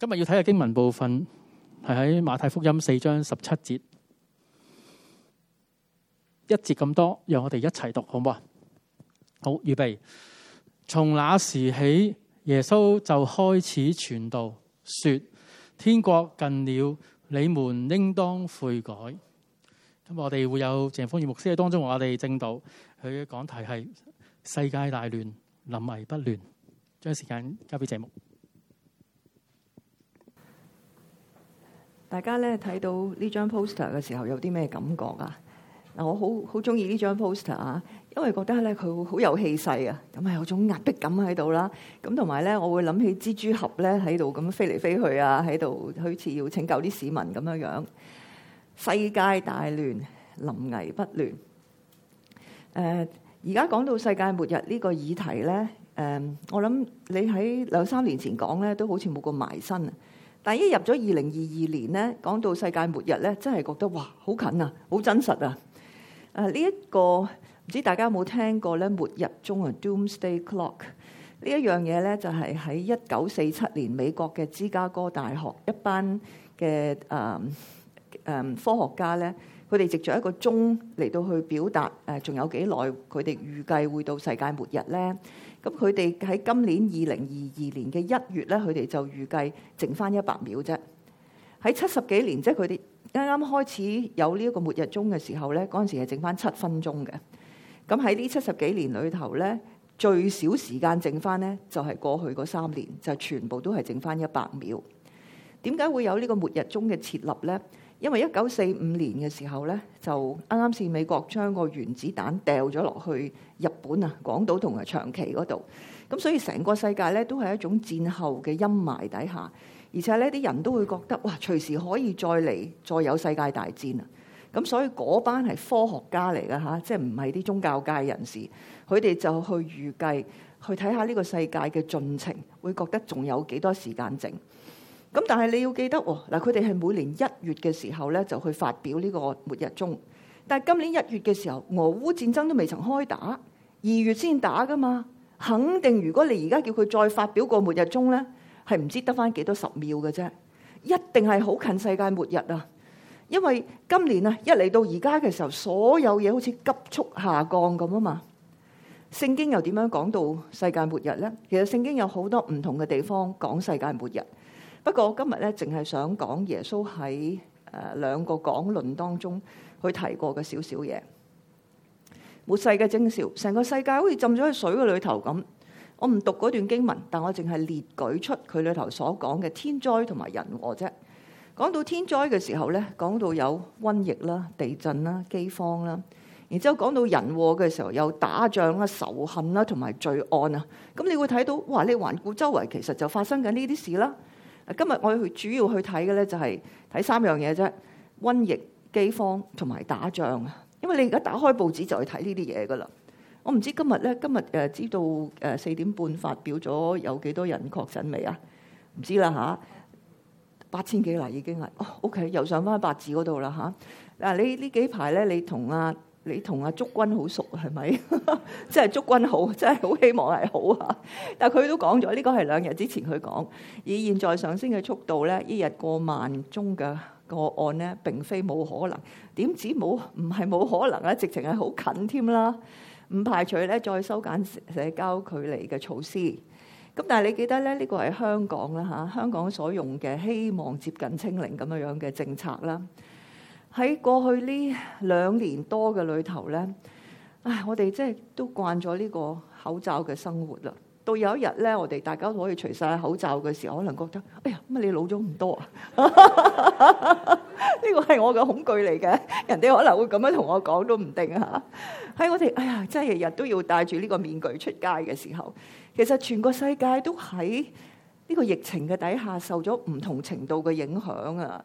今日要睇嘅經文部分係喺馬太福音四章十七節，一節咁多，讓我哋一齊讀好唔好？好，預備。從那時起，耶穌就開始傳道，說：天國近了，你們應當悔改。今日我哋會有鄭豐月牧師喺當中，我哋正道佢嘅講題係世界大亂，臨危不亂。將時間交俾鄭牧。大家咧睇到呢張 poster 嘅時候有啲咩感覺啊？嗱，我好好中意呢張 poster 啊，因為覺得咧佢好有氣勢啊，咁啊有種壓迫感喺度啦，咁同埋咧我會諗起蜘蛛俠咧喺度咁飛嚟飛去啊，喺度好似要拯救啲市民咁樣樣。世界大亂，臨危不亂。誒、呃，而家講到世界末日呢個議題咧，誒、呃，我諗你喺兩三年前講咧都好似冇咁埋身啊。但一入咗二零二二年咧，講到世界末日咧，真係覺得哇，好近啊，好真實啊！誒、啊，呢、這、一個唔知大家有冇聽過咧，末日鐘啊，Doomsday Clock 呢一樣嘢咧，就係喺一九四七年美國嘅芝加哥大學一班嘅誒誒科學家咧，佢哋藉著一個鐘嚟到去表達誒仲有幾耐佢哋預計會到世界末日咧。咁佢哋喺今年二零二二年嘅一月咧，佢哋就預計剩翻一百秒啫。喺七十幾年，即係佢哋啱啱開始有呢一個末日鐘嘅時候咧，嗰陣時係剩翻七分鐘嘅。咁喺呢七十幾年裏頭咧，最少時間剩翻咧就係、是、過去嗰三年，就是、全部都係剩翻一百秒。點解會有呢個末日鐘嘅設立咧？因為一九四五年嘅時候咧，就啱啱係美國將個原子彈掉咗落去日本啊，廣島同埋長崎嗰度。咁所以成個世界咧都係一種戰後嘅陰霾底下，而且呢啲人都會覺得哇，隨時可以再嚟，再有世界大戰啊！咁所以嗰班係科學家嚟噶嚇，即係唔係啲宗教界人士，佢哋就去預計，去睇下呢個世界嘅進程，會覺得仲有幾多時間剩。咁但係你要記得喎，嗱佢哋係每年一月嘅時候咧，就去發表呢個末日鐘。但係今年一月嘅時候，俄烏戰爭都未曾開打，二月先打噶嘛。肯定如果你而家叫佢再發表個末日鐘咧，係唔知得翻幾多十秒嘅啫。一定係好近世界末日啊！因為今年啊，一嚟到而家嘅時候，所有嘢好似急速下降咁啊嘛。聖經又點樣講到世界末日咧？其實聖經有好多唔同嘅地方講世界末日。不過今日，今日咧，淨係想講耶穌喺誒兩個講論當中去提過嘅少少嘢。末世嘅徵兆，成個世界好似浸咗喺水嘅裏頭咁。我唔讀嗰段經文，但我淨係列舉出佢裏頭所講嘅天災同埋人禍啫。講到天災嘅時候咧，講到有瘟疫啦、地震啦、饑荒啦。然之後講到人禍嘅時候，有打仗啦、仇恨啦同埋罪案啊。咁你會睇到哇！你環顧周圍，其實就發生緊呢啲事啦。今日我要去主要去睇嘅咧就係睇三樣嘢啫，瘟疫、饑荒同埋打仗啊！因為你而家打開報紙就係睇呢啲嘢噶啦。我唔知今日咧，今日誒、呃、知道誒四點半發表咗有幾多人確診未啊？唔知啦嚇，八千幾啦已經係。哦，OK，又上翻八字嗰度啦嚇。嗱，你呢幾排咧，你同阿？你同阿祝君好熟係咪？即係祝君好，真係好希望係好啊！但係佢都講咗，呢個係兩日之前佢講，以現在上升嘅速度咧，一日過萬宗嘅個案咧，並非冇可能。點止冇唔係冇可能咧，直情係好近添啦。唔排除咧再收緊社交距離嘅措施。咁但係你記得咧，呢個係香港啦吓，香港所用嘅希望接近清零咁樣樣嘅政策啦。喺過去呢兩年多嘅裏頭咧，唉，我哋即係都慣咗呢個口罩嘅生活啦。到有一日咧，我哋大家都可以除晒口罩嘅時候，可能覺得，哎呀，乜你老咗唔多啊？呢個係我嘅恐懼嚟嘅，人哋可能會咁樣同我講都唔定啊。喺我哋，哎呀，真係日日都要戴住呢個面具出街嘅時候，其實全個世界都喺呢個疫情嘅底下受咗唔同程度嘅影響啊。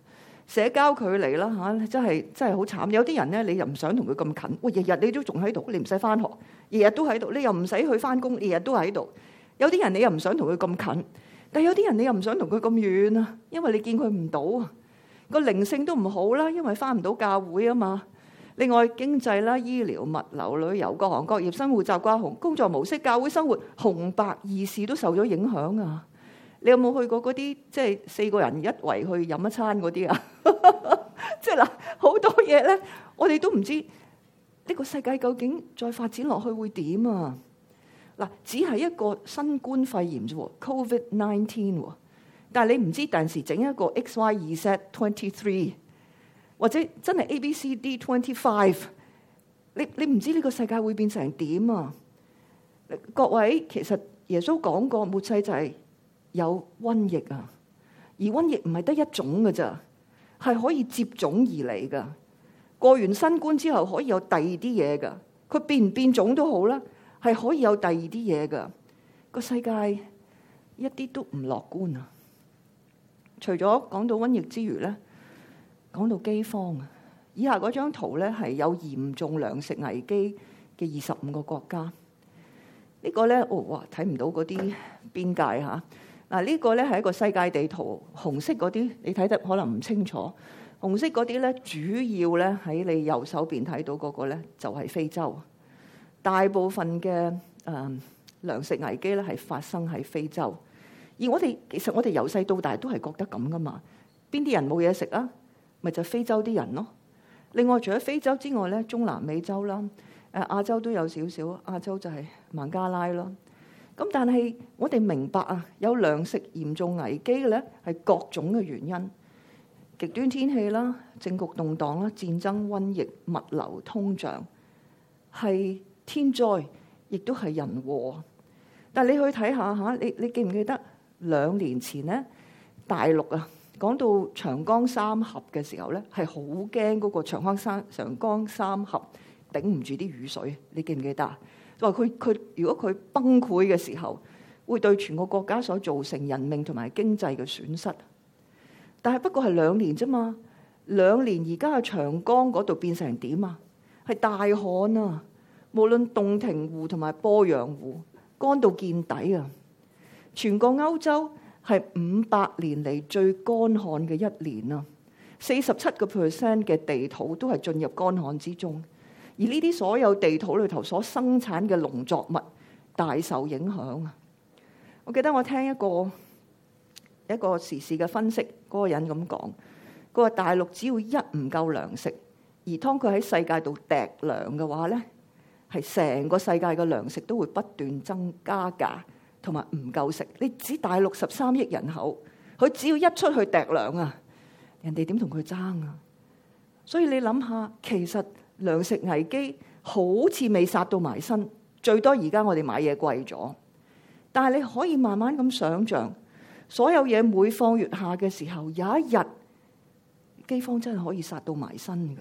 社交距離啦吓，真係真係好慘。有啲人咧，你又唔想同佢咁近。喂，日日你都仲喺度，你唔使翻學，日日都喺度，你又唔使去翻工，日日都喺度。有啲人你又唔想同佢咁近，但有啲人你又唔想同佢咁遠啊，因為你見佢唔到，個靈性都唔好啦，因為翻唔到教會啊嘛。另外經濟啦、醫療、物流、旅遊、各行各業、生活習慣紅、紅工作模式、教會生活、紅白二事都受咗影響啊。你有冇去過嗰啲即係四個人一圍去飲一餐嗰啲啊？即係嗱，好多嘢咧，我哋都唔知呢個世界究竟再發展落去會點啊！嗱，只係一個新冠肺炎啫喎，Covid Nineteen 喎，但係你唔知，第時整一個 X Y 二 set Twenty Three 或者真係 A B C D Twenty Five，你你唔知呢個世界會變成點啊？各位其實耶穌講過末世就係有瘟疫啊，而瘟疫唔係得一種嘅咋，係可以接踵而嚟噶。過完新冠之後，可以有第二啲嘢噶。佢變唔變種都好啦，係可以有第二啲嘢噶。個世界一啲都唔樂觀啊！除咗講到瘟疫之餘咧，講到饑荒啊。以下嗰張圖咧係有嚴重糧食危機嘅二十五個國家。這個、呢個咧、哦，哇睇唔到嗰啲邊界吓。嗱，呢個咧係一個世界地圖，紅色嗰啲你睇得可能唔清楚。紅色嗰啲咧，主要咧喺你右手邊睇到嗰個咧，就係非洲。大部分嘅誒、嗯、糧食危機咧，係發生喺非洲。而我哋其實我哋由細到大都係覺得咁噶嘛，邊啲人冇嘢食啊？咪就係、非洲啲人咯。另外，除咗非洲之外咧，中南美洲啦，誒亞洲都有少少。亞洲就係孟加拉咯。咁但係我哋明白啊，有糧食嚴重危機嘅咧，係各種嘅原因，極端天氣啦、政局動盪啦、戰爭瘟疫、物流通脹，係天災，亦都係人禍。但係你去睇下吓，你你記唔記得兩年前咧大陸啊，講到長江三峽嘅時候咧，係好驚嗰個長江三長江三峽頂唔住啲雨水，你記唔記得啊？佢佢，如果佢崩潰嘅時候，會對全個國家所造成人命同埋經濟嘅損失。但係不過係兩年啫嘛，兩年而家喺長江嗰度變成點啊？係大旱啊！無論洞庭湖同埋鄱陽湖乾到見底啊！全個歐洲係五百年嚟最乾旱嘅一年啊！四十七個 percent 嘅地土都係進入乾旱之中。而呢啲所有地土裏頭所生產嘅農作物大受影響啊！我記得我聽一個一個時事嘅分析，嗰個人咁講，佢話大陸只要一唔夠糧食，而當佢喺世界度掟糧嘅話咧，係成個世界嘅糧食都會不斷增加價，同埋唔夠食。你只大陸十三億人口，佢只要一出去掟糧啊，人哋點同佢爭啊？所以你諗下，其實。糧食危機好似未殺到埋身，最多而家我哋買嘢貴咗。但係你可以慢慢咁想象，所有嘢每況愈下嘅時候，有一日饑荒真係可以殺到埋身㗎。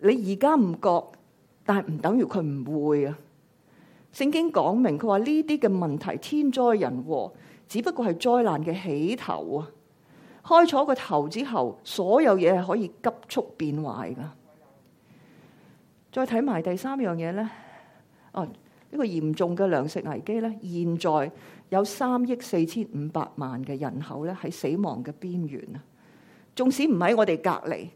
你而家唔覺，但係唔等於佢唔會啊。聖經講明佢話呢啲嘅問題，天災人禍只不過係災難嘅起頭啊。開咗個頭之後，所有嘢係可以急速變壞㗎。再睇埋第三樣嘢咧，哦、啊，呢個嚴重嘅糧食危機咧，現在有三億四千五百萬嘅人口咧，喺死亡嘅邊緣啊！縱使唔喺我哋隔離，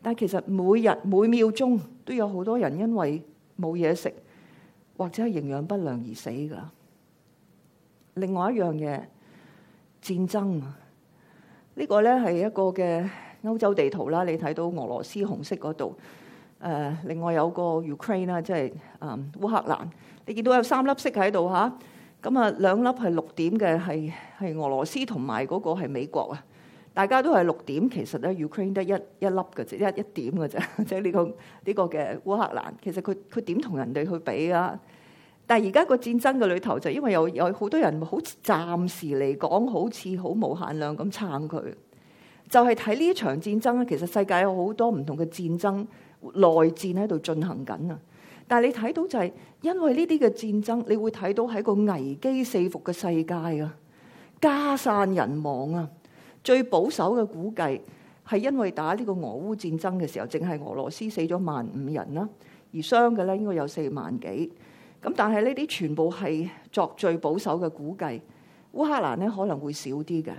但其實每日每秒鐘都有好多人因為冇嘢食或者係營養不良而死噶。另外一樣嘢，戰爭啊！呢個咧係一個嘅歐洲地圖啦，你睇到俄羅斯紅色嗰度。誒，另外有個 Ukraine 啦，即係嗯烏克蘭，你見到有三粒色喺度嚇，咁啊，兩粒係六點嘅係係俄羅斯，同埋嗰個係美國啊。大家都係六點，其實咧 Ukraine 得一一粒嘅啫，一一點嘅啫。即係呢個呢個嘅烏克蘭，其實佢佢點同人哋去比啊？但係而家個戰爭嘅裏頭就因為有有好多人好似暫時嚟講好似好無限量咁撐佢，就係睇呢場戰爭咧。其實世界有好多唔同嘅戰爭。內戰喺度進行緊啊！但係你睇到就係因為呢啲嘅戰爭，你會睇到喺個危機四伏嘅世界啊，家散人亡啊！最保守嘅估計係因為打呢個俄烏戰爭嘅時候，淨係俄羅斯死咗萬五人啦，而傷嘅咧應該有四萬幾咁。但係呢啲全部係作最保守嘅估計，烏克蘭咧可能會少啲嘅。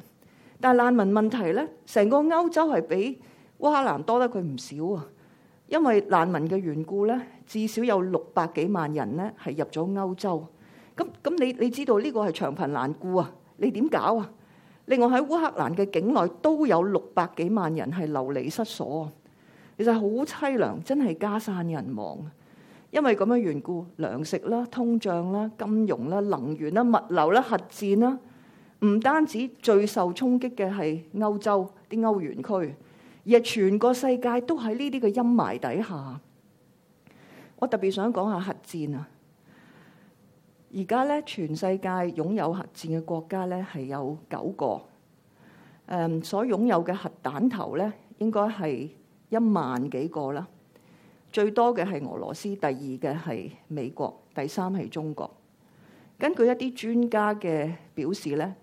但係難民問題咧，成個歐洲係比烏克蘭多得佢唔少啊！因為難民嘅緣故呢，至少有六百幾萬人呢係入咗歐洲。咁咁你你知道呢個係長貧難顧啊？你點搞啊？另外喺烏克蘭嘅境內都有六百幾萬人係流離失所啊！其實好淒涼，真係家散人亡。因為咁樣緣故，糧食啦、通脹啦、金融啦、能源啦、物流啦、核戰啦，唔單止最受衝擊嘅係歐洲啲歐元區。而全個世界都喺呢啲嘅陰霾底下。我特別想講下核戰啊！而家呢，全世界擁有核戰嘅國家呢，係有九個。誒，所擁有嘅核彈頭呢，應該係一萬幾個喇。最多嘅係俄羅斯，第二嘅係美國，第三係中國。根據一啲專家嘅表示呢，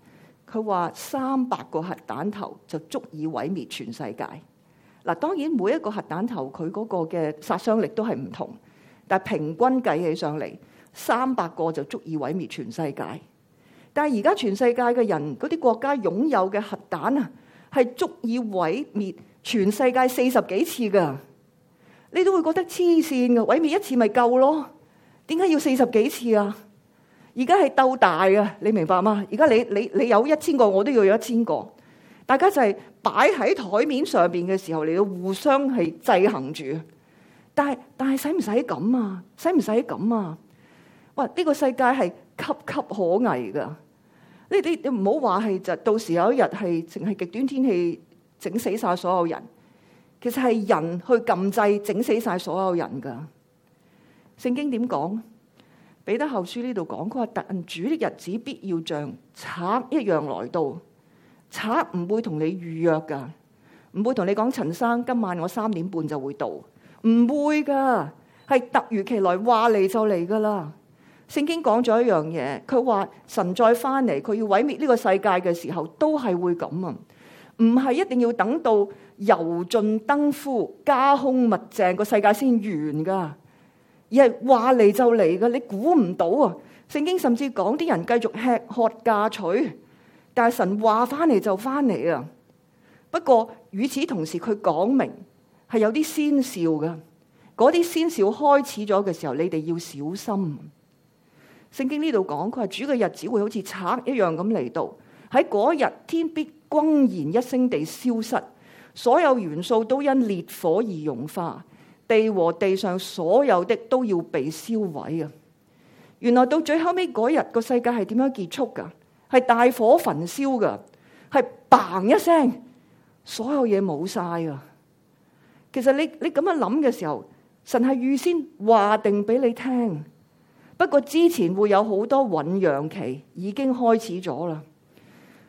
佢話三百個核彈頭就足以毀滅全世界。嗱，當然每一個核彈頭佢嗰個嘅殺傷力都係唔同，但係平均計起上嚟，三百個就足以毀滅全世界。但係而家全世界嘅人嗰啲國家擁有嘅核彈啊，係足以毀滅全世界四十幾次噶。你都會覺得黐線噶，毀滅一次咪夠咯？點解要四十幾次啊？而家係鬥大啊！你明白嗎？而家你你你有一千個，我都要有一千個。大家就係擺喺台面上邊嘅時候，你要互相係制衡住，但係但係使唔使咁啊？使唔使咁啊？哇！呢個世界係岌岌可危噶，你你你唔好話係就到時有一日係淨係極端天氣整死晒所有人，其實係人去禁制整死晒所有人噶。聖經點講？彼得後書呢度講佢話，但主的日子必要像賊一樣來到。賊唔會同你預約噶，唔會同你講陳生今晚我三點半就會到，唔會噶，係突如其來話嚟就嚟噶啦。聖經講咗一樣嘢，佢話神再翻嚟，佢要毀滅呢個世界嘅時候，都係會咁啊，唔係一定要等到油盡燈枯、家空物淨、個世界先完噶，而係話嚟就嚟噶，你估唔到啊！聖經甚至講啲人繼續吃喝嫁娶。但是神話翻嚟就翻嚟啊！不過與此同時，佢講明係有啲先兆㗎。嗰啲先兆開始咗嘅時候，你哋要小心。聖經呢度講，佢話主嘅日子會好似賊一樣咁嚟到。喺嗰日，天必轟然一聲地消失，所有元素都因烈火而融化，地和地上所有的都要被燒毀啊！原來到最後尾嗰日，個世界係點樣結束㗎？係大火焚燒噶，係嘣一聲，所有嘢冇晒啊！其實你你咁樣諗嘅時候，神係預先話定俾你聽，不過之前會有好多醞釀期已經開始咗啦。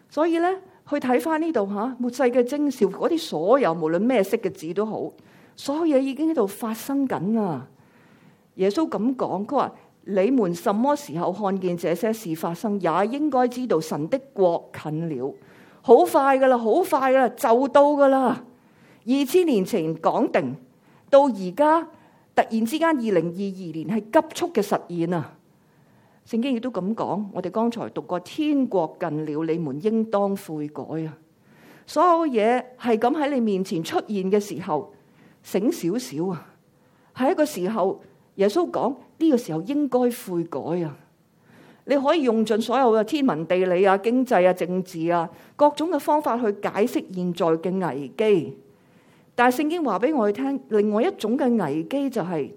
所以咧，去睇翻呢度吓末世嘅徵兆，嗰啲所有無論咩色嘅字都好，所有嘢已經喺度發生緊啦。耶穌咁講，佢話。你們什麼時候看見這些事發生，也應該知道神的國近了，好快㗎喇，好快㗎喇，就到㗎喇。二千年前講定，到而家突然之間二零二二年係急速嘅實現啊！聖經亦都咁講，我哋剛才讀過，天國近了，你們應當悔改啊！所有嘢係咁喺你面前出現嘅時候，醒少少啊，喺一個時候。耶穌講呢個時候應該悔改啊！你可以用盡所有嘅天文地理啊、經濟啊、政治啊各種嘅方法去解釋現在嘅危機，但係聖經話俾我哋聽，另外一種嘅危機就係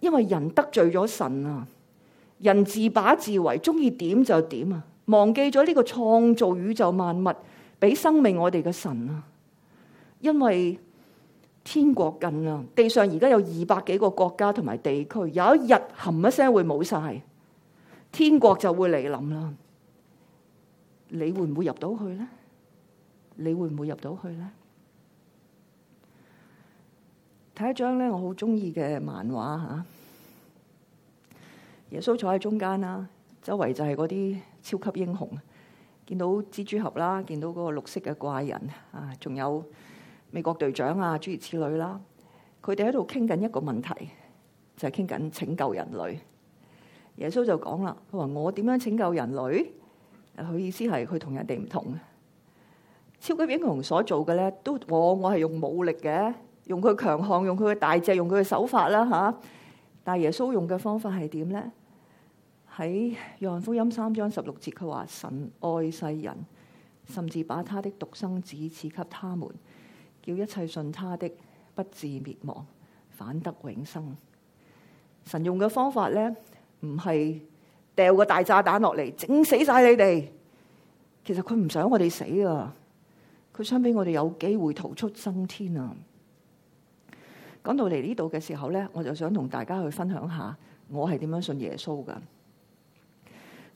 因為人得罪咗神啊，人自把自為，中意點就點啊，忘記咗呢個創造宇宙萬物、畀生命我哋嘅神啊，因為。天國近啦，地上而家有二百幾個國家同埋地區，有一日冚一聲會冇晒，天國就會嚟臨啦。你會唔會入到去咧？你會唔會入到去咧？睇一張咧，我好中意嘅漫畫吓，耶穌坐喺中間啦，周圍就係嗰啲超級英雄，見到蜘蛛俠啦，見到嗰個綠色嘅怪人啊，仲有。美國隊長啊，諸如此類啦、啊，佢哋喺度傾緊一個問題，就係傾緊拯救人類。耶穌就講啦，佢話我點樣拯救人類？佢意思係佢同人哋唔同。超級英雄所做嘅咧，都、哦、我我係用武力嘅，用佢強項，用佢嘅大隻，用佢嘅手法啦，吓、啊。但耶穌用嘅方法係點咧？喺約翰福音三章十六節，佢話神愛世人，甚至把他的獨生子賜給他們。要一切信他的，不致滅亡，反得永生。神用嘅方法呢，唔係掉個大炸彈落嚟，整死晒你哋。其實佢唔想我哋死啊，佢想俾我哋有機會逃出生天啊。講到嚟呢度嘅時候呢，我就想同大家去分享一下，我係點樣信耶穌㗎。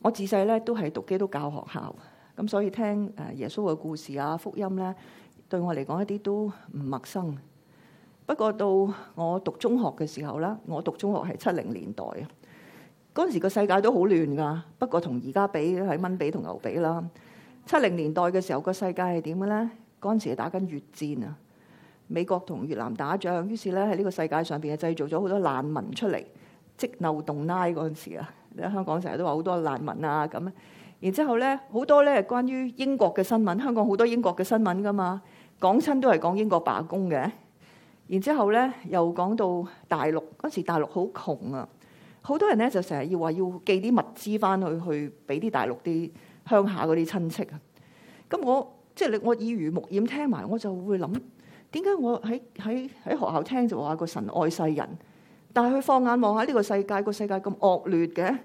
我自細呢都係讀基督教學校，咁所以聽耶穌嘅故事啊，福音呢、啊。對我嚟講一啲都唔陌生。不過到我讀中學嘅時候啦，我讀中學係七零年代啊。嗰陣時個世界都好亂㗎。不過同而家比係蚊比同牛比啦。七零年代嘅時候個世界係點嘅咧？嗰陣時係打緊越戰啊，美國同越南打仗，於是咧喺呢個世界上邊製造咗好多難民出嚟，即流動拉嗰陣時啊。你喺香港成日都話好多難民啊咁。然之後咧好多咧係關於英國嘅新聞，香港好多英國嘅新聞㗎嘛。講親都係講英國罷工嘅，然之後咧又講到大陸嗰時，大陸好窮啊，好多人咧就成日要話要寄啲物資翻去去俾啲大陸啲鄉下嗰啲親戚啊。咁我即係你，就是、我耳濡目染聽埋，我就會諗點解我喺喺喺學校聽就話個神愛世人，但係佢放眼望下呢個世界，個世界咁惡劣嘅。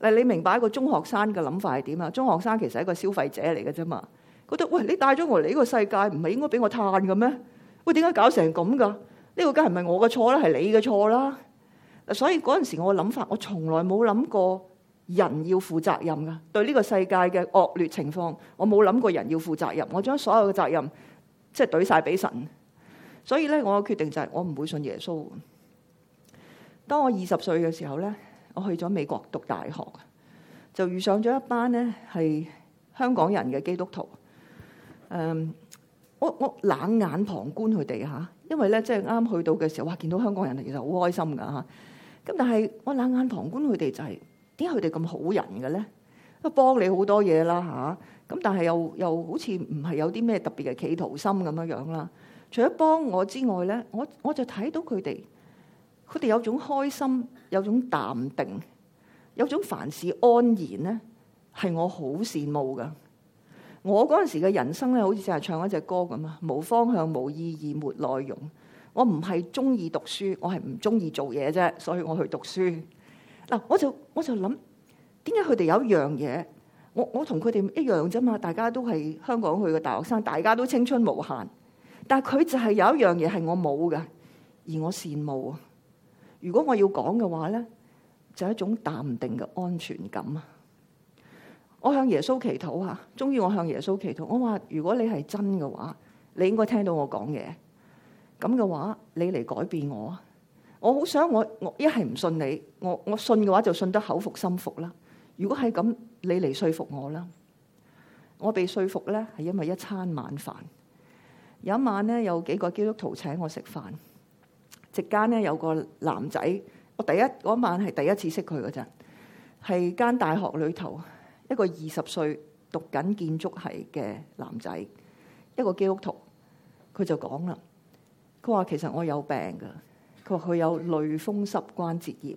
嗱，你明白一個中學生嘅諗法係點啊？中學生其實係一個消費者嚟嘅啫嘛。覺得喂，你帶咗我嚟呢個世界，唔係應該俾我嘆嘅咩？喂，點解搞成咁㗎？呢、這個梗係咪我嘅錯啦？係你嘅錯啦？所以嗰陣時候我嘅諗法，我從來冇諗過人要負責任㗎。對呢個世界嘅惡劣情況，我冇諗過人要負責任。我將所有嘅責任即係懟晒俾神。所以咧，我嘅決定就係我唔會信耶穌。當我二十歲嘅時候咧，我去咗美國讀大學，就遇上咗一班咧係香港人嘅基督徒。誒，um, 我我冷眼旁觀佢哋嚇，因為咧即係啱去到嘅時候，哇見到香港人其實好開心噶嚇。咁但係我冷眼旁觀佢哋就係點解佢哋咁好人嘅咧？幫你好多嘢啦嚇，咁、啊、但係又又好似唔係有啲咩特別嘅企圖心咁樣樣啦。除咗幫我之外咧，我我就睇到佢哋，佢哋有種開心，有種淡定，有種凡事安然咧，係我好羨慕嘅。我嗰陣時嘅人生咧，好似淨係唱一隻歌咁啊，冇方向、冇意義、沒內容。我唔係中意讀書，我係唔中意做嘢啫，所以我去讀書。嗱，我就我就諗點解佢哋有一樣嘢，我我同佢哋一樣啫嘛，大家都係香港去嘅大學生，大家都青春無限。但係佢就係有一樣嘢係我冇㗎，而我羨慕啊。如果我要講嘅話咧，就係一種淡定嘅安全感啊！我向耶穌祈禱啊！終於，我向耶穌祈禱。我話：如果你係真嘅話，你應該聽到我講嘢。咁嘅話，你嚟改變我。我好想我我一係唔信你，我我信嘅話就信得口服心服啦。如果係咁，你嚟說服我啦。我被說服咧，係因為一餐晚飯。有一晚咧，有幾個基督徒請我食飯。席間咧，有個男仔，我第一嗰晚係第一次識佢嗰陣，係間大學裏頭。一個二十歲讀緊建築系嘅男仔，一個基督徒，佢就講啦。佢話，其實我有病噶，佢話佢有類風濕關節炎。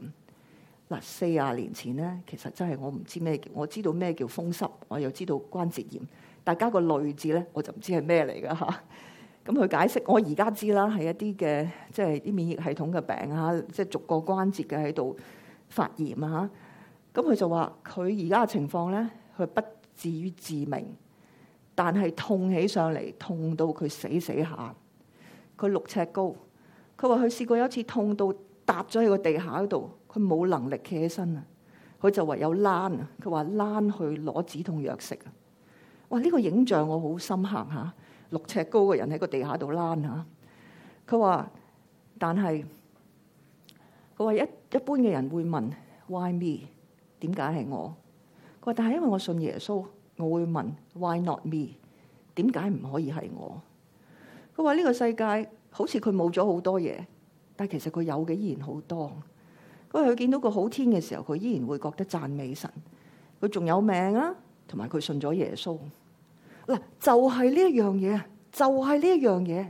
嗱四十年前咧，其實真係我唔知咩叫，我知道咩叫風濕，我又知道關節炎。大家個類字咧，我就唔知係咩嚟噶嚇。咁，啊，佢解釋，我而家知啦，係一啲嘅即係啲免疫系統嘅病啊，即係逐個關節嘅喺度發炎啊。咁佢就話：佢而家嘅情況咧，佢不至於致命，但係痛起上嚟痛到佢死死下。佢六尺高，佢話佢試過有一次痛到搭咗喺個地下嗰度，佢冇能力企起身。佢就唯有攣啊，佢話攣去攞止痛藥食啊。哇！呢個影像我好深刻嚇、啊，六尺高嘅人喺個地下度攣嚇。佢話：但係佢話一一般嘅人會問：Why me？點解係我？佢話：但係因為我信耶穌，我會問 Why not me？點解唔可以係我？佢話呢個世界好似佢冇咗好多嘢，但係其實佢有嘅依然好多。佢話佢見到個好天嘅時候，佢依然會覺得讚美神。佢仲有命啊，同埋佢信咗耶穌嗱，就係呢一樣嘢，就係呢一樣嘢。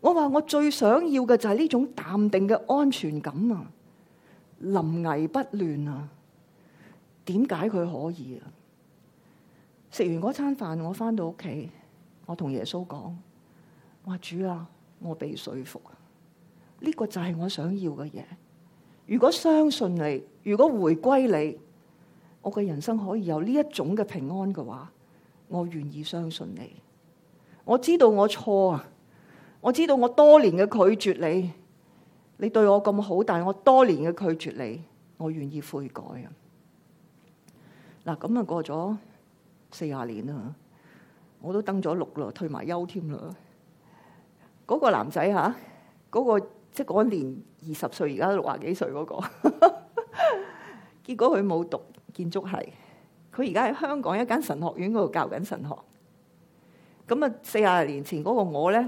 我話我最想要嘅就係呢種淡定嘅安全感啊，臨危不亂啊！點解佢可以啊？食完嗰餐飯，我返到屋企，我同耶穌講：話主啊，我被說服啊，呢個就係我想要嘅嘢。如果相信你，如果回歸你，我嘅人生可以有呢一種嘅平安嘅話，我願意相信你。我知道我錯啊，我知道我多年嘅拒絕你，你對我咁好，但係我多年嘅拒絕你，我願意悔改啊。嗱咁啊，過咗四十年啦，我都登咗六啦，退埋休添啦。嗰個男仔嚇，嗰、嗰個即係嗰年二十歲，而家都六十幾歲嗰個， 結果佢冇讀建築系，佢而家喺香港一間神學院嗰度教緊神學。咁啊，四十年前嗰個我咧，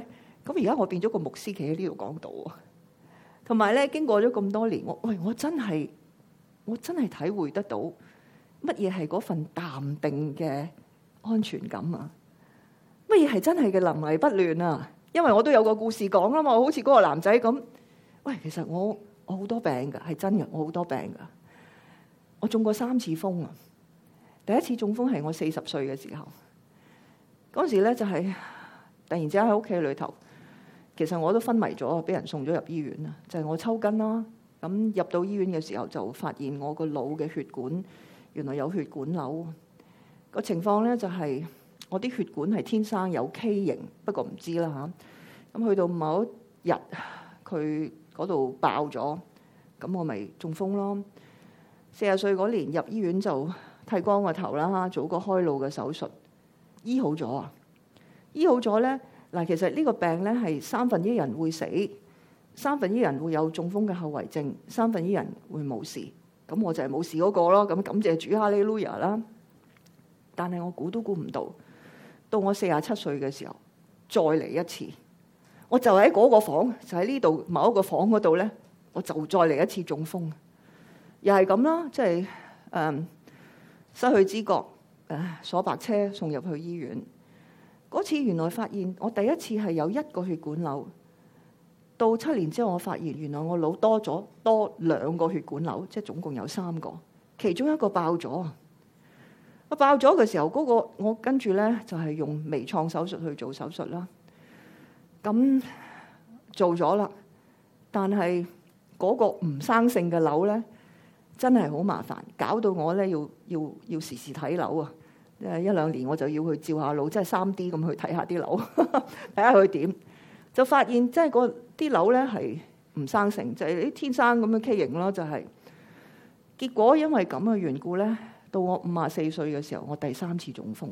咁而家我變咗個牧師，企喺呢度講道。同埋咧，經過咗咁多年，我喂，我真係，我真係體會得到。乜嘢係嗰份淡定嘅安全感啊？乜嘢係真係嘅臨危不亂啊？因為我都有個故事講啊嘛，我好似嗰個男仔咁，喂，其實我我好多病噶，係真嘅，我好多病噶。我中過三次風啊。第一次中風係我四十歲嘅時候嗰陣時咧，就係突然之間喺屋企裏頭，其實我都昏迷咗，俾人送咗入醫院啊。就係我抽筋啦，咁入到醫院嘅時候就發現我個腦嘅血管。原來有血管瘤個情況咧，就係我啲血管係天生有畸形，不過唔知啦吓，咁去到某一日，佢嗰度爆咗，咁我咪中風咯。四十歲嗰年入醫院就剃光個頭啦，做個開腦嘅手術，醫好咗啊！醫好咗咧，嗱，其實呢個病咧係三分之一人會死，三分之一人會有中風嘅後遺症，三分之一人會冇事。咁我就係冇事嗰個咯，咁感謝主，哈利路亞啦。但係我估都估唔到，到我四十七歲嘅時候，再嚟一次，我就喺嗰個房，就喺呢度某一個房嗰度咧，我就再嚟一次中風，又係咁啦，即係誒失去知覺，誒、啊、坐白車送入去醫院。嗰次原來發現我第一次係有一個血管瘤。到七年之後，我發現原來我腦多咗多兩個血管瘤，即係總共有三個，其中一個爆咗啊！爆咗嘅時候，嗰、那個我跟住咧就係、是、用微創手術去做手術啦。咁做咗啦，但係嗰個唔生性嘅瘤咧，真係好麻煩，搞到我咧要要要時時睇瘤啊！誒一兩年我就要去照一下腦，即係三 D 咁去睇下啲瘤，睇下佢點。就發現即係嗰啲樓咧係唔生成，就係、是、啲天生咁嘅畸形咯，就係、是。結果因為咁嘅緣故咧，到我五十四歲嘅時候，我第三次中風，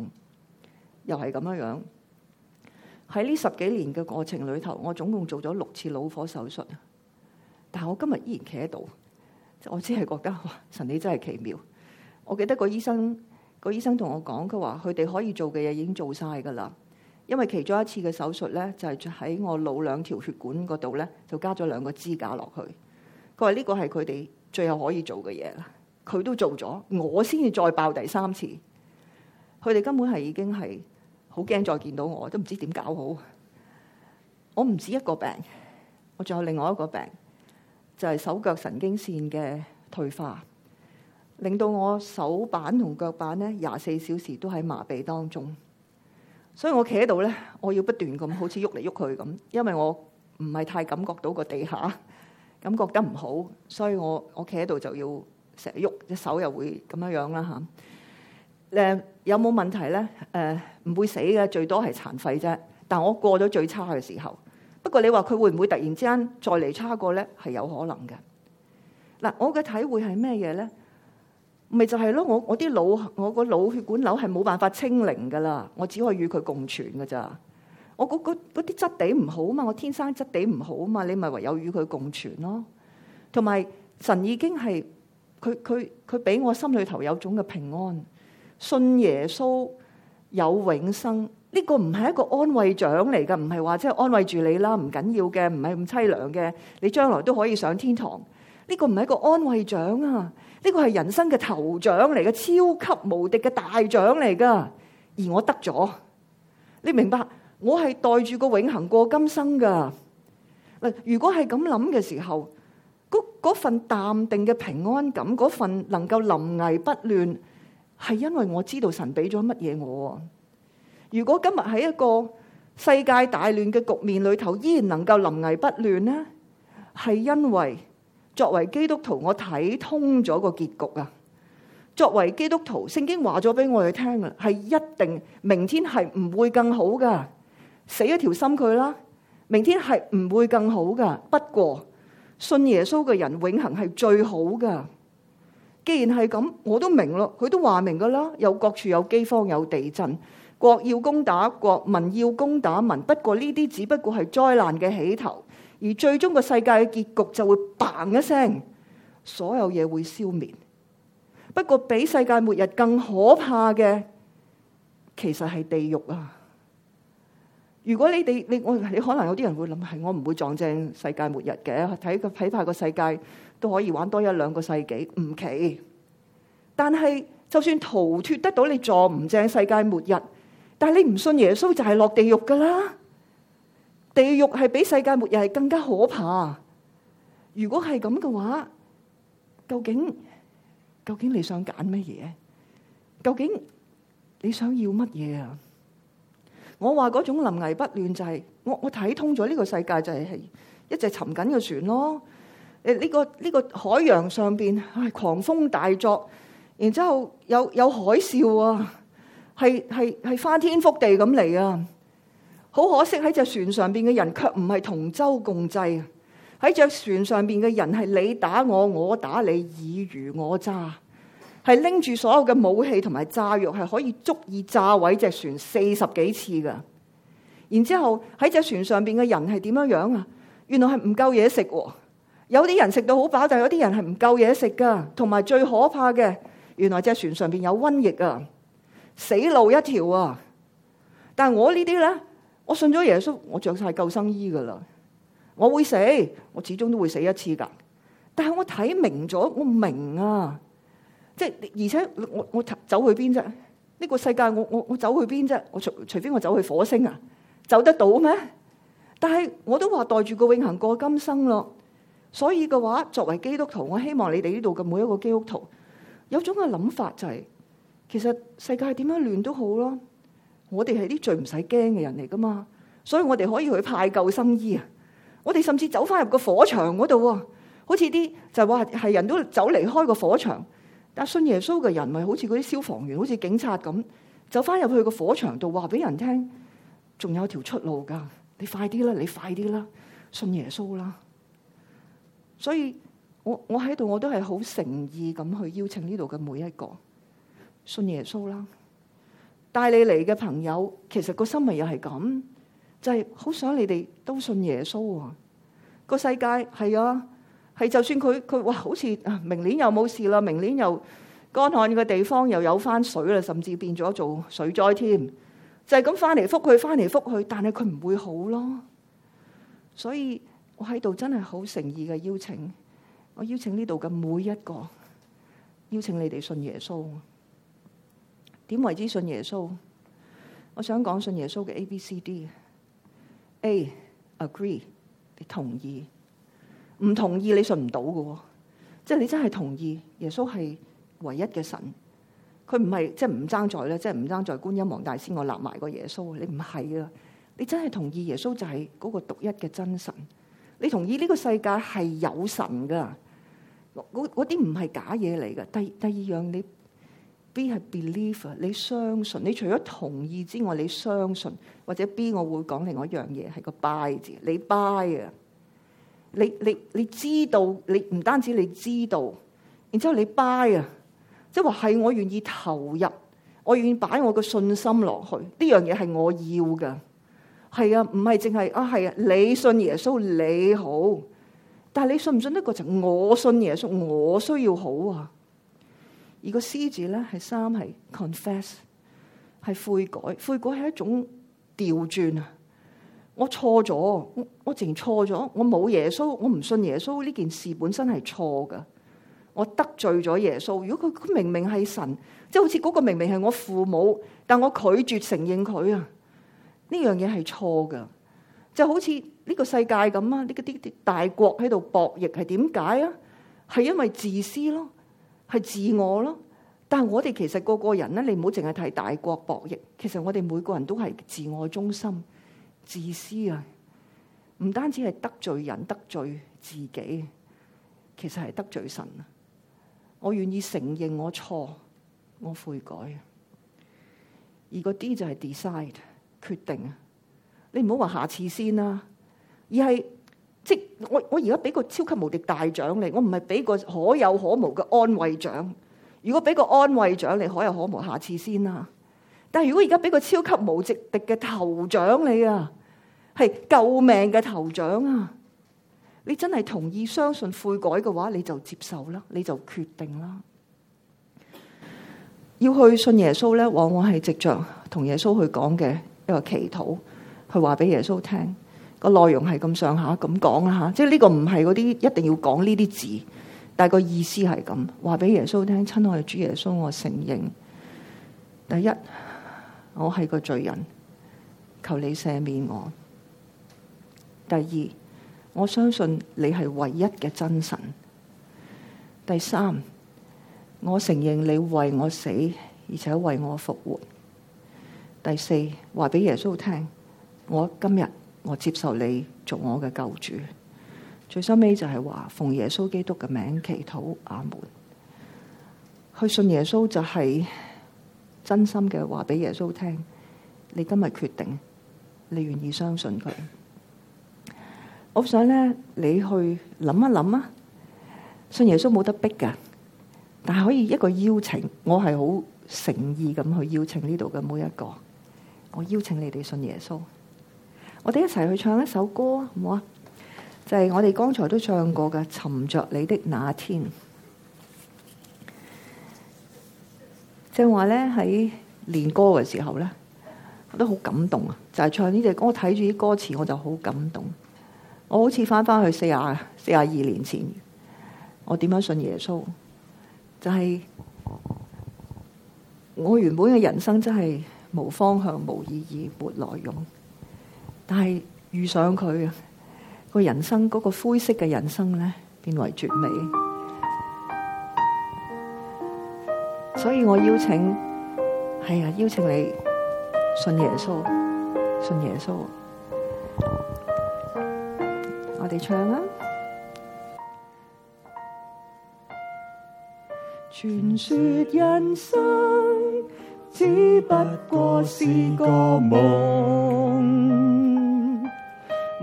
又係咁樣樣。喺呢十幾年嘅過程裏頭，我總共做咗六次腦火手術，但係我今日依然企喺度，我只係覺得哇，神你真係奇妙。我記得個醫生、個醫生同我講，佢話佢哋可以做嘅嘢已經做晒㗎啦。因為其中一次嘅手術咧，就係喺我腦兩條血管嗰度咧，就加咗兩個支架落去。佢話呢個係佢哋最後可以做嘅嘢啦，佢都做咗，我先至再爆第三次。佢哋根本係已經係好驚再見到我，都唔知點搞好。我唔止一個病，我仲有另外一個病，就係手腳神經線嘅退化，令到我手板同腳板咧廿四小時都喺麻痹當中。所以我企喺度咧，我要不斷咁好似喐嚟喐去咁，因為我唔係太感覺到個地下感覺得唔好，所以我我企喺度就要成日喐隻手又會咁樣樣啦嚇。誒、啊啊、有冇問題咧？誒、啊、唔會死嘅，最多係殘廢啫。但我過咗最差嘅時候，不過你話佢會唔會突然之間再嚟差過咧？係有可能嘅。嗱、啊，我嘅體會係咩嘢咧？咪就係咯，我我啲腦我個腦血管瘤係冇辦法清零噶啦，我只可以與佢共存噶咋。我嗰啲質地唔好嘛，我天生質地唔好嘛，你咪唯有與佢共存咯。同埋神已經係佢佢佢俾我心裏頭有種嘅平安，信耶穌有永生，呢個唔係一個安慰獎嚟噶，唔係話即係安慰住你啦，唔緊要嘅，唔係咁淒涼嘅，你將來都可以上天堂。呢個唔係一個安慰獎啊！呢個係人生嘅頭獎嚟嘅，超級無敵嘅大獎嚟噶，而我得咗。你明白？我係帶住個永恒過今生噶。嗱，如果係咁諗嘅時候，嗰嗰份淡定嘅平安感，嗰份能夠臨危不亂，係因為我知道神俾咗乜嘢我。如果今日喺一個世界大亂嘅局面裏頭，依然能夠臨危不亂呢，係因為。作為基督徒，我睇通咗個結局啊！作為基督徒，聖經話咗俾我哋聽啊，係一定明天係唔會更好噶，死一條心佢啦。明天係唔會更好噶。不過信耶穌嘅人，永恆係最好噶。既然係咁，我都明咯，佢都話明噶啦。有各處有饑荒，有地震，國要攻打國，民要攻打民。不過呢啲只不過係災難嘅起頭。而最終個世界嘅結局就會砰一聲，所有嘢會消滅。不過比世界末日更可怕嘅，其實係地獄啊！如果你哋你我你，你可能有啲人會諗係我唔會撞正世界末日嘅，睇個睇怕個世界都可以玩多一兩個世紀唔奇。但係就算逃脫得到你撞唔正世界末日，但係你唔信耶穌就係落地獄㗎啦。地獄係比世界末日係更加可怕。如果係咁嘅話，究竟究竟你想揀乜嘢？究竟你想要乜嘢啊？我話嗰種臨危不亂就係我我睇通咗呢個世界就係一隻沉緊嘅船咯。誒，呢個呢個海洋上邊係狂風大作，然之後有有海嘯啊，係係係翻天覆地咁嚟啊！好可惜喺隻船上邊嘅人，卻唔係同舟共濟。喺隻船上邊嘅人係你打我，我打你，以虞我詐，係拎住所有嘅武器同埋炸藥，係可以足以炸毀隻船四十幾次噶。然之後喺隻船上邊嘅人係點樣樣啊？原來係唔夠嘢食，有啲人食到好飽，但有啲人係唔夠嘢食噶。同埋最可怕嘅，原來隻船上邊有瘟疫啊，死路一條啊！但係我這些呢啲咧？我信咗耶穌，我着晒救生衣噶啦，我會死，我始終都會死一次噶。但係我睇明咗，我明啊，即係而且我我走去邊啫？呢個世界我我我走去邊啫？我除除非我走去火星啊，走得到咩？但係我都話帶住個永恒過今生咯。所以嘅話，作為基督徒，我希望你哋呢度嘅每一個基督徒，有種嘅諗法就係，其實世界點樣亂都好咯。我哋係啲最唔使驚嘅人嚟噶嘛，所以我哋可以去派救生衣啊！我哋甚至走翻入個火場嗰度，好似啲就係話，係人都走離開個火場，但信耶穌嘅人咪好似嗰啲消防員、好似警察咁，走翻入去個火場度話俾人聽，仲有條出路噶，你快啲啦，你快啲啦，信耶穌啦！所以我我喺度我都係好誠意咁去邀請呢度嘅每一個信耶穌啦。帶你嚟嘅朋友，其實個心咪又係咁，就係、是、好想你哋都信耶穌啊、哦！個世界係啊，係就算佢佢哇，好似明年又冇事啦，明年又乾旱嘅地方又有翻水啦，甚至變咗做水災添，就係咁翻嚟覆去，翻嚟覆去，但係佢唔會好咯。所以我喺度真係好誠意嘅邀請，我邀請呢度嘅每一個，邀請你哋信耶穌。點為之信耶穌？我想講信耶穌嘅 A、B、C、D。A agree，你同意？唔同意你信唔到噶即係你真係同意耶穌係唯一嘅神，佢唔係即係唔爭在咧，即係唔爭在觀音王大師我立埋個耶穌，你唔係啊，你真係同意耶穌就係嗰個獨一嘅真神，你同意呢個世界係有神噶，嗰啲唔係假嘢嚟噶。第二第二樣你。B 係 believer，你相信，你除咗同意之外，你相信或者 B，我會講另外一樣嘢，係個 buy 字，你 buy 啊，你你你知道，你唔單止你知道，然之後你 buy 啊，即係話係我願意投入，我願意擺我嘅信心落去，呢樣嘢係我要噶，係啊，唔係淨係啊係啊，你信耶穌你好，但係你信唔信得過就我信耶穌，我需要好啊。而個 C 字咧係三係 confess 係悔改，悔改係一種調轉啊！我錯咗，我我淨錯咗，我冇耶穌，我唔信耶穌呢件事本身係錯噶，我得罪咗耶穌。如果佢佢明明係神，即係好似嗰個明明係我父母，但我拒絕承認佢啊！呢樣嘢係錯噶，就好似呢個世界咁啊！呢個啲啲大國喺度博弈係點解啊？係因為自私咯。係自我咯，但係我哋其實個個人呢，你唔好淨係睇大國博弈，其實我哋每個人都係自我中心、自私啊，唔單止係得罪人、得罪自己，其實係得罪神啊！我願意承認我錯，我悔改。而嗰啲就係 decide，決定啊！你唔好話下次先啦，啊，而係。即我我而家俾個超級無敵大獎你，我唔係俾個可有可無嘅安慰獎。如果俾個安慰獎你可有可無，下次先啦。但係如果而家俾個超級無敵敵嘅頭獎你啊，係救命嘅頭獎啊！你真係同意相信悔改嘅話，你就接受啦，你就決定啦。要去信耶穌咧，往往係藉着同耶穌去講嘅一個祈禱，去話俾耶穌聽。內是這樣這個內容係咁上下咁講啊，吓即係呢個唔係嗰啲一定要講呢啲字，但係個意思係咁話俾耶穌聽：親愛主耶穌，我承認第一我係個罪人，求你赦免我；第二我相信你係唯一嘅真神；第三我承認你為我死，而且為我復活；第四話俾耶穌聽，我今日。我接受你做我嘅救主，最收尾就係話奉耶穌基督嘅名祈禱阿門。去信耶穌就係真心嘅話俾耶穌聽，你今日決定你願意相信佢。我想咧你去諗一諗啊，信耶穌冇得逼噶，但係可以一個邀請，我係好誠意咁去邀請呢度嘅每一個，我邀請你哋信耶穌。我哋一齊去唱一首歌，好唔好啊？就係、是、我哋剛才都唱過嘅《沉著你的那天》。正係話咧，喺練歌嘅時候咧，我都好感動啊！就係、是、唱呢隻歌，睇住啲歌詞，我就好感動。我好似翻翻去四十、四十二年前，我點樣信耶穌？就係、是、我原本嘅人生真係無方向、無意義、沒內容。但係遇上佢，個人生嗰個灰色嘅人生咧，變為絕美。所以我邀請，係啊，邀請你信耶穌，信耶穌。我哋唱啊！傳説人生只不過是個夢。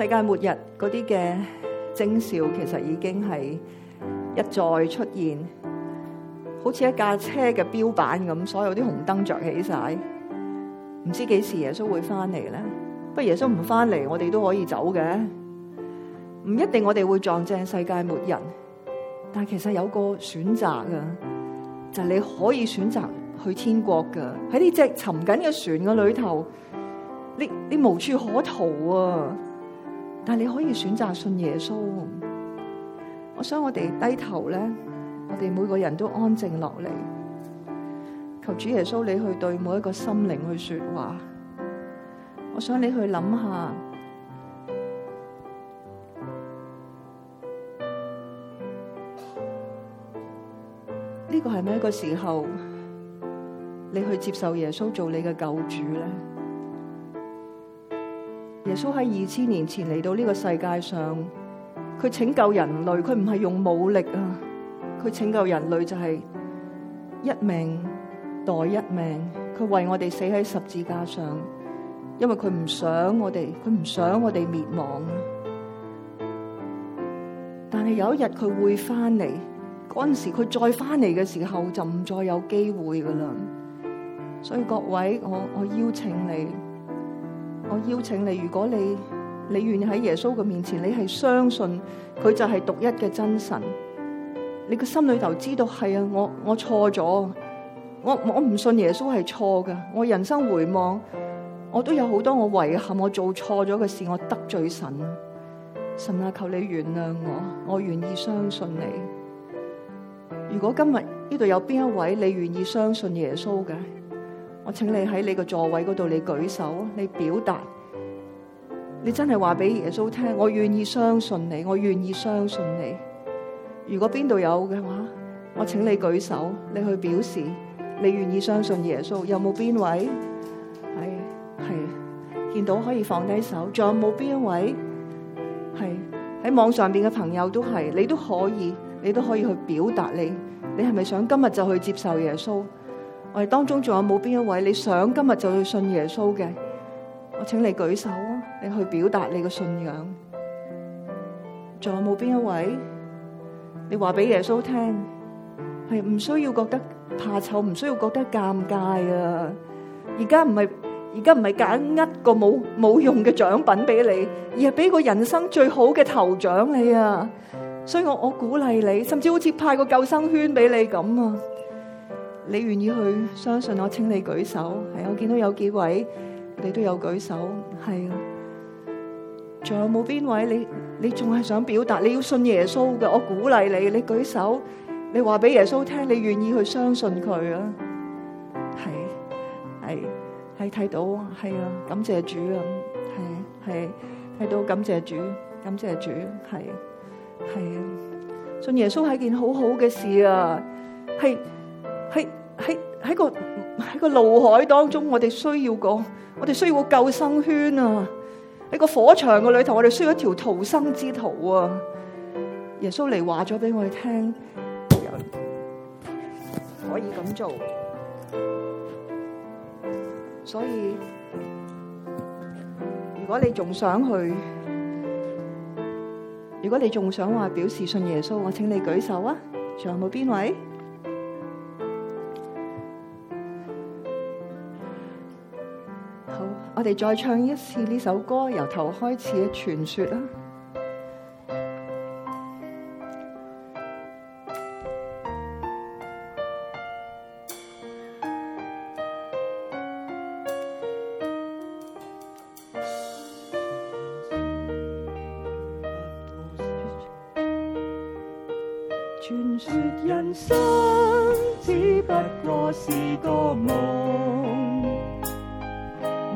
世界末日嗰啲嘅徵兆，其實已經係一再出現，好似一架車嘅標板咁，所有啲紅燈着起晒，唔知幾時耶穌會翻嚟咧。不過耶穌唔翻嚟，我哋都可以走嘅，唔一定我哋會撞正世界末日，但其實有個選擇噶，就係你可以選擇去天國噶。喺呢隻沉緊嘅船嘅裏頭，你你無處可逃啊！但係你可以選擇信耶穌。我想我哋低頭咧，我哋每個人都安靜落嚟，求主耶穌你去對每一個心靈去說話。我想你去諗下，呢個係咪一個時候你去接受耶穌做你嘅救主咧？耶穌喺二千年前嚟到呢個世界上，佢拯救人類，佢唔係用武力啊，佢拯救人類就係一命代一命，佢為我哋死喺十字架上，因為佢唔想我哋，佢唔想我哋滅亡啊！但係有一日佢會翻嚟，嗰陣時佢再翻嚟嘅時候就唔再有機會噶啦，所以各位，我我邀請你。我邀請你，如果你你願意喺耶穌嘅面前，你係相信佢就係獨一嘅真神。你個心裏頭知道係啊，我我錯咗，我我唔信耶穌係錯噶。我人生回望，我都有好多我遺憾，我做錯咗嘅事，我得罪神啊！神啊，求你原諒我，我願意相信你。如果今日呢度有邊一位你願意相信耶穌嘅？我請你喺你個座位嗰度，你舉手，你表達，你真係話俾耶穌聽，我願意相信你，我願意相信你。如果邊度有嘅話，我請你舉手，你去表示你願意相信耶穌。有冇邊位？係係見到可以放低手，仲有冇邊一位？係喺網上面嘅朋友都係你都可以，你都可以去表達你，你係咪想今日就去接受耶穌？我哋當中仲有冇邊一位你想今日就去信耶穌嘅？我請你舉手啊！你去表達你嘅信仰。仲有冇邊一位？你話俾耶穌聽，係唔需要覺得怕醜，唔需要覺得尷尬啊！而家唔係而家唔係揀一個冇冇用嘅獎品俾你，而係俾個人生最好嘅頭獎你啊！所以我我鼓勵你，甚至好似派個救生圈俾你咁啊！你願意去相信我？請你舉手。係，我見到有幾位你都有舉手，係啊。仲有冇邊位？你，你仲係想表達？你要信耶穌嘅，我鼓勵你，你舉手，你話俾耶穌聽，你願意去相信佢啊。係係係，睇到係啊，感謝主啊，係係，睇到感謝主，感謝主，係係啊。信耶穌係件好好嘅事啊，係。喺喺個喺個怒海當中，我哋需要個我哋需要個救生圈啊！喺個火場嘅裏頭，我哋需要一條逃生之途啊！耶穌嚟話咗俾我哋聽，可以咁做。所以，如果你仲想去，如果你仲想話表示信耶穌，我請你舉手啊！仲有冇邊位？我哋再唱一次呢首歌，由頭開始嘅傳說啦。傳說人生只不過是個夢。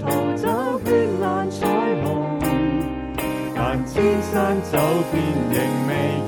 逃走絢爛彩虹，但千山走遍仍未。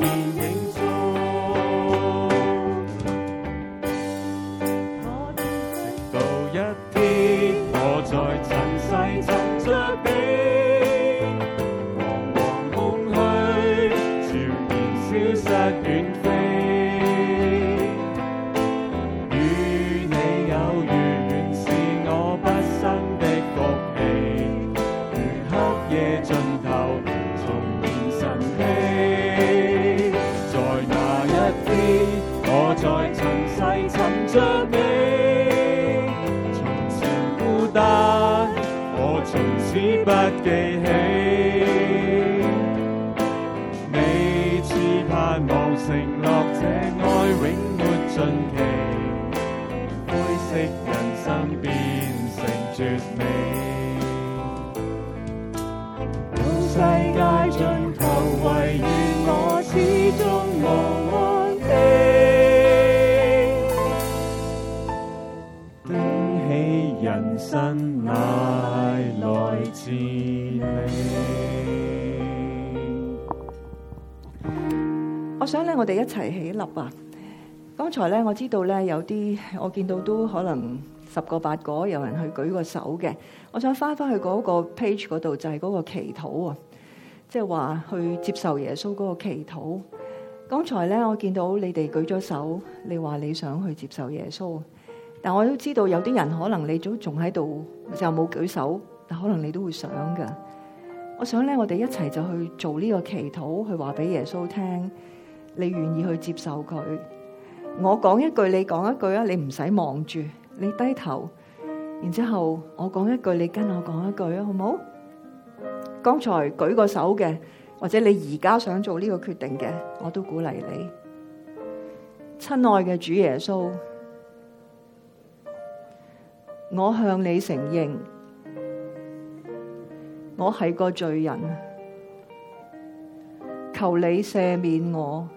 承諾這愛永沒盡期，灰色人生變成絕美。我想咧，我哋一齊起，起立啊！剛才咧，我知道咧有啲我見到都可能十個八個有人去舉個手嘅。我想翻翻去嗰個 page 嗰度，就係、是、嗰個祈禱喎，即係話去接受耶穌嗰個祈禱。剛才咧，我見到你哋舉咗手，你話你想去接受耶穌，但我都知道有啲人可能你都仲喺度就冇舉手，但可能你都會想嘅。我想咧，我哋一齊就去做呢個祈禱，去話俾耶穌聽。你願意去接受佢。我講一句，你講一句啊！你唔使望住，你低頭，然之後我講一句，你跟我講一句啊，好唔好？剛才舉個手嘅，或者你而家想做呢個決定嘅，我都鼓勵你。親愛嘅主耶穌，我向你承認，我係個罪人，求你赦免我。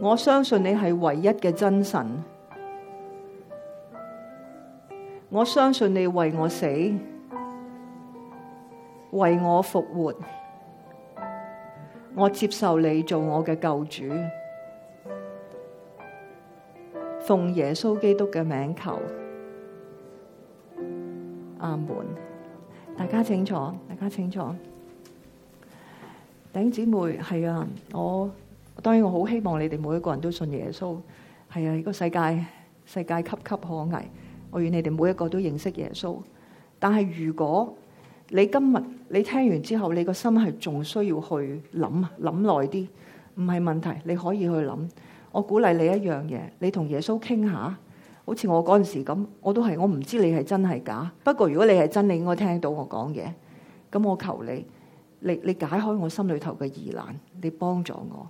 我相信你係唯一嘅真神，我相信你為我死，為我復活，我接受你做我嘅救主，奉耶穌基督嘅名求，阿門。大家請坐，大家請坐。頂姊妹，係啊，我。當然，我好希望你哋每一個人都信耶穌。係啊，呢個世界世界岌岌可危。我願你哋每一個人都認識耶穌。但係如果你今日你聽完之後，你個心係仲需要去諗啊，諗耐啲唔係問題，你可以去諗。我鼓勵你一樣嘢，你同耶穌傾下，好似我嗰陣時咁，我都係我唔知你係真係假。不過如果你係真，你應該聽到我講嘢。咁我求你，你你解開我心裏頭嘅疑難，你幫助我。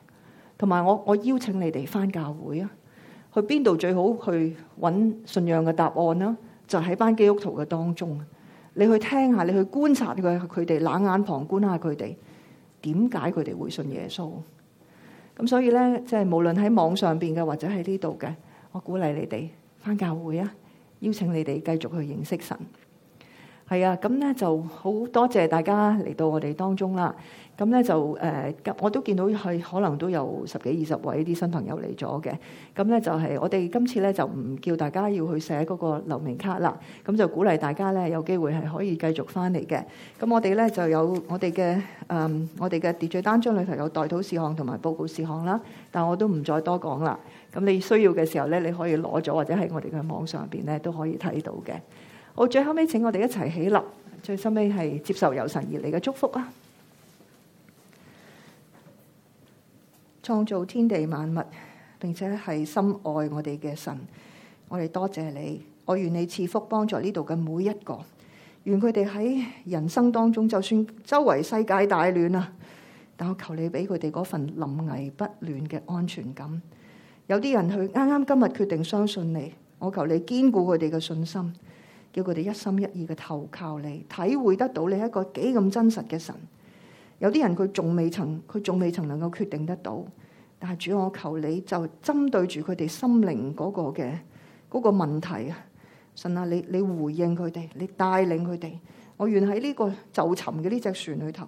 同埋我，我邀請你哋翻教會啊，去邊度最好去搵信仰嘅答案啦？就喺班基督徒嘅當中，你去聽下，你去觀察佢佢哋，冷眼旁觀下佢哋，點解佢哋會信耶穌？咁所以咧，即係無論喺網上邊嘅或者喺呢度嘅，我鼓勵你哋翻教會啊，邀請你哋繼續去認識神。係啊，咁咧就好多謝大家嚟到我哋當中啦。咁咧就誒、呃，我都見到係可能都有十幾二十位啲新朋友嚟咗嘅。咁咧就係、是、我哋今次咧就唔叫大家要去寫嗰個留名卡啦。咁就鼓勵大家咧有機會係可以繼續翻嚟嘅。咁我哋咧就有我哋嘅誒，我哋嘅秩序單張裏頭有代討事項同埋報告事項啦。但我都唔再多講啦。咁你需要嘅時候咧，你可以攞咗或者喺我哋嘅網上邊咧都可以睇到嘅。我最後尾請我哋一齊起，起立，最尾係接受由神而嚟嘅祝福啊！創造天地萬物，並且係深愛我哋嘅神，我哋多謝，謝你。我願你賜福幫助呢度嘅每一個，願佢哋喺人生當中，就算周圍世界大亂啊，但我求你俾佢哋嗰份臨危不亂嘅安全感。有啲人佢啱啱今日決定相信你，我求你堅固佢哋嘅信心。叫佢哋一心一意嘅投靠你，體會得到你係一個幾咁真實嘅神。有啲人佢仲未曾，佢仲未曾能夠決定得到。但係主，我求你就針對住佢哋心靈嗰個嘅嗰個問題啊！神啊，你你回應佢哋，你帶領佢哋。我願喺呢個就沉嘅呢隻船裏頭，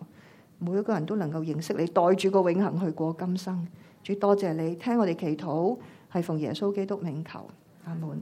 每一個人都能夠認識你，帶住個永恆去過今生。主多謝你聽我哋祈禱，係奉耶穌基督名求，阿門。